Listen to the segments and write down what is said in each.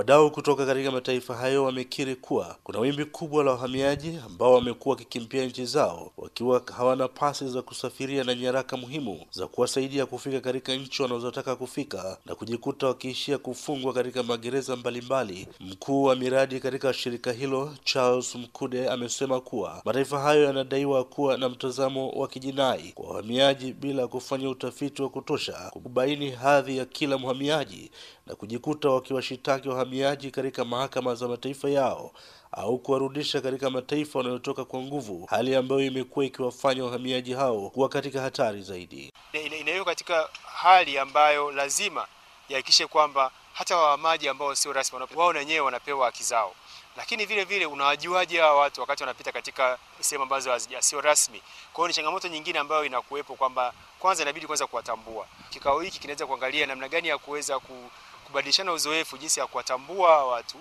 Wadau kutoka katika mataifa hayo wamekiri kuwa kuna wimbi kubwa la wahamiaji ambao wamekuwa wakikimbia nchi zao wakiwa hawana pasi za kusafiria na nyaraka muhimu za kuwasaidia kufika katika nchi wanazotaka kufika na kujikuta wakiishia kufungwa katika magereza mbalimbali. Mkuu wa miradi katika shirika hilo Charles Mkude amesema kuwa mataifa hayo yanadaiwa kuwa na mtazamo wa kijinai kwa wahamiaji bila kufanya utafiti wa kutosha kubaini hadhi ya kila mhamiaji na kujikuta wakiwashitaki wahamiaji wahamiaji katika mahakama za mataifa yao au kuwarudisha katika mataifa wanayotoka kwa nguvu, hali ambayo imekuwa ikiwafanya wahamiaji hao kuwa katika hatari zaidi. Inawekwa katika hali ambayo lazima ihakikishe kwamba hata wahamaji ambao sio rasmi wao wenyewe wanapewa haki zao lakini vile vile unawajuaje hawa watu wakati wanapita katika sehemu ambazo sio rasmi? Kwa hiyo ni changamoto nyingine ambayo inakuwepo kwamba kwanza inabidi kwanza kuwatambua. Kikao hiki kinaweza kuangalia namna gani ya kuweza kubadilishana uzoefu, jinsi ya kuwatambua hawa watu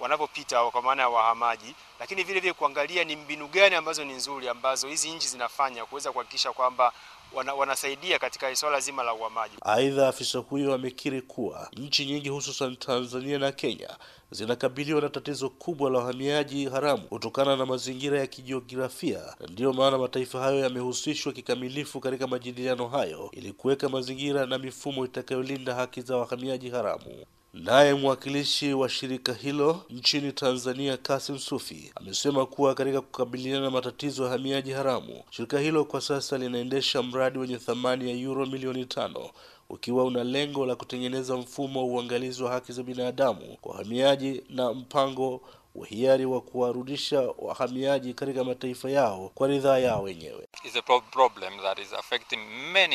wanapopita kwa maana ya wahamaji, lakini vile vile kuangalia ni mbinu gani ambazo ni nzuri ambazo hizi nchi zinafanya kuweza kuhakikisha kwamba wana, wanasaidia katika swala zima la uhamaji. Aidha, afisa huyo amekiri kuwa nchi nyingi hususan Tanzania na Kenya zinakabiliwa na tatizo kubwa la wahamiaji haramu kutokana na mazingira ya kijiografia, na ndiyo maana mataifa hayo yamehusishwa kikamilifu katika majadiliano hayo ili kuweka mazingira na mifumo itakayolinda haki za wahamiaji haramu. Naye mwakilishi wa shirika hilo nchini Tanzania, Kasim Sufi, amesema kuwa katika kukabiliana na matatizo ya hamiaji haramu, shirika hilo kwa sasa linaendesha mradi wenye thamani ya euro milioni tano ukiwa una lengo la kutengeneza mfumo wa uangalizi wa haki za binadamu kwa wahamiaji na mpango uhiari wa kuwarudisha wahamiaji katika mataifa yao kwa ridhaa yao wenyewe.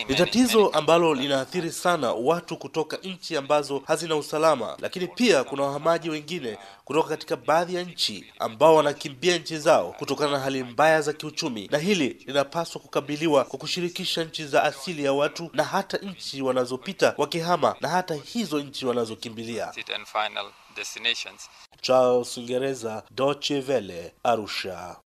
Ni tatizo ambalo linaathiri sana watu kutoka nchi ambazo hazina usalama, lakini pia kuna wahamaji wengine kutoka katika baadhi ya nchi ambao wanakimbia nchi zao kutokana na hali mbaya za kiuchumi, na hili linapaswa kukabiliwa kwa kushirikisha nchi za asili ya watu na hata nchi wanazopita wakihama na hata hizo nchi wanazokimbilia destinations. Charles Ngereza, Deutsche Welle, Arusha.